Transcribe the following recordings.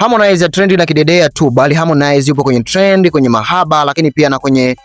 Harmonize ya trendi na kidedea tu, bali Harmonize yupo kwenye trendi, kwenye mahaba, lakini pia na kwenye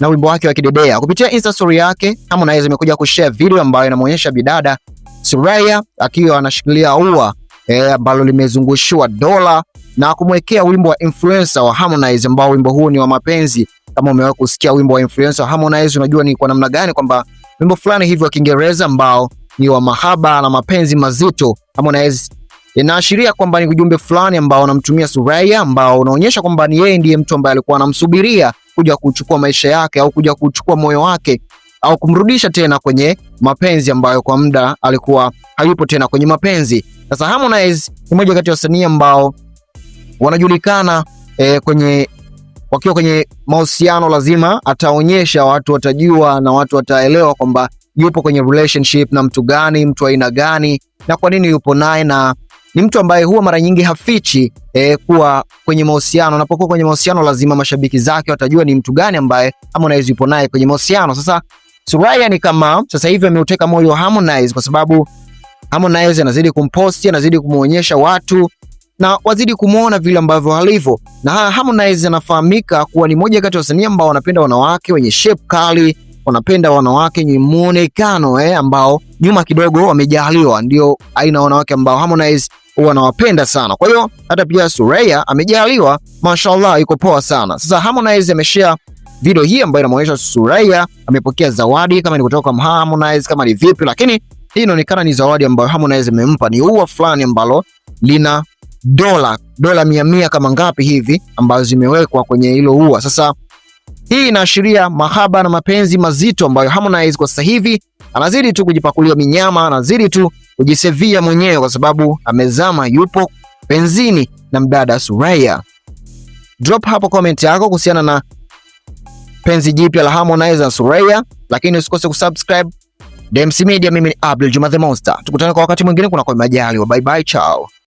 na wimbo wake wa kidedea. Kupitia Insta story yake, Harmonize amekuja kushare video ambayo inamuonyesha bidada Suraya akiwa anashikilia ua eh, ambalo eh, limezungushiwa dola na kumwekea wimbo wa influencer wa Harmonize ambao wimbo huu ni wa mapenzi. Kama umewahi kusikia wimbo wa influencer wa Harmonize, unajua ni kwa namna gani kwamba wimbo fulani hivi wa Kiingereza ambao ni wa mahaba na mapenzi mazito. Harmonize Inaashiria kwamba ni ujumbe fulani ambao anamtumia Suraya, ambao unaonyesha kwamba ni yeye ndiye mtu ambaye alikuwa anamsubiria kuja kuchukua maisha yake au kuja kuchukua moyo wake au kumrudisha tena kwenye mapenzi ambayo kwa muda alikuwa hayupo tena kwenye mapenzi. Sasa Harmonize ni mmoja kati ya wasanii ambao wanajulikana eh, kwenye wakiwa kwenye mahusiano lazima ataonyesha, watu watajua na watu wataelewa kwamba yupo kwenye relationship na mtu gani, mtu aina gani, na kwa nini yupo naye na ni mtu ambaye huwa mara nyingi hafichi eh, kuwa kwenye mahusiano. Unapokuwa kwenye mahusiano, lazima mashabiki zake watajua ni mtu gani ambaye Harmonize yupo naye kwenye mahusiano. Sasa Suraya ni kama sasa hivi ameuteka moyo wa Harmonize kwa sababu Harmonize anazidi kumposti, anazidi kumuonyesha watu na wazidi kumuona vile ambavyo alivyo, na Harmonize anafahamika kuwa ni moja kati ya wasanii ambao wanapenda wanawake wenye shape kali, wanapenda wanawake wenye muonekano eh, ambao nyuma kidogo wamejaliwa, ndio aina wanawake ambao Harmonize wanawapenda sana. Kwa hiyo hata pia Suraya amejaliwa, mashallah, yuko poa sana. Sasa Harmonize ameshare video hii ambayo inaonyesha Suraya amepokea zawadi kama ni kutoka kwa Harmonize kama ni vipi, lakini hii inaonekana ni zawadi ambayo Harmonize amempa, ni ua fulani ambalo lina dola dola mia mia kama ngapi hivi ambazo zimewekwa kwenye hilo ua. Sasa hii inaashiria mahaba na mapenzi mazito ambayo Harmonize kwa sasa hivi anazidi tu kujipakulia minyama, anazidi tu kujisevia mwenyewe, kwa sababu amezama, yupo penzini na mdada Suraya. Drop hapo comment yako kuhusiana na penzi jipya la Harmonize na Suraya, lakini usikose kusubscribe Dems Media. Mimi ni Abdul Juma the Monster, tukutane kwa wakati mwingine, kuna kwa majaliwa. Bye bye, chao.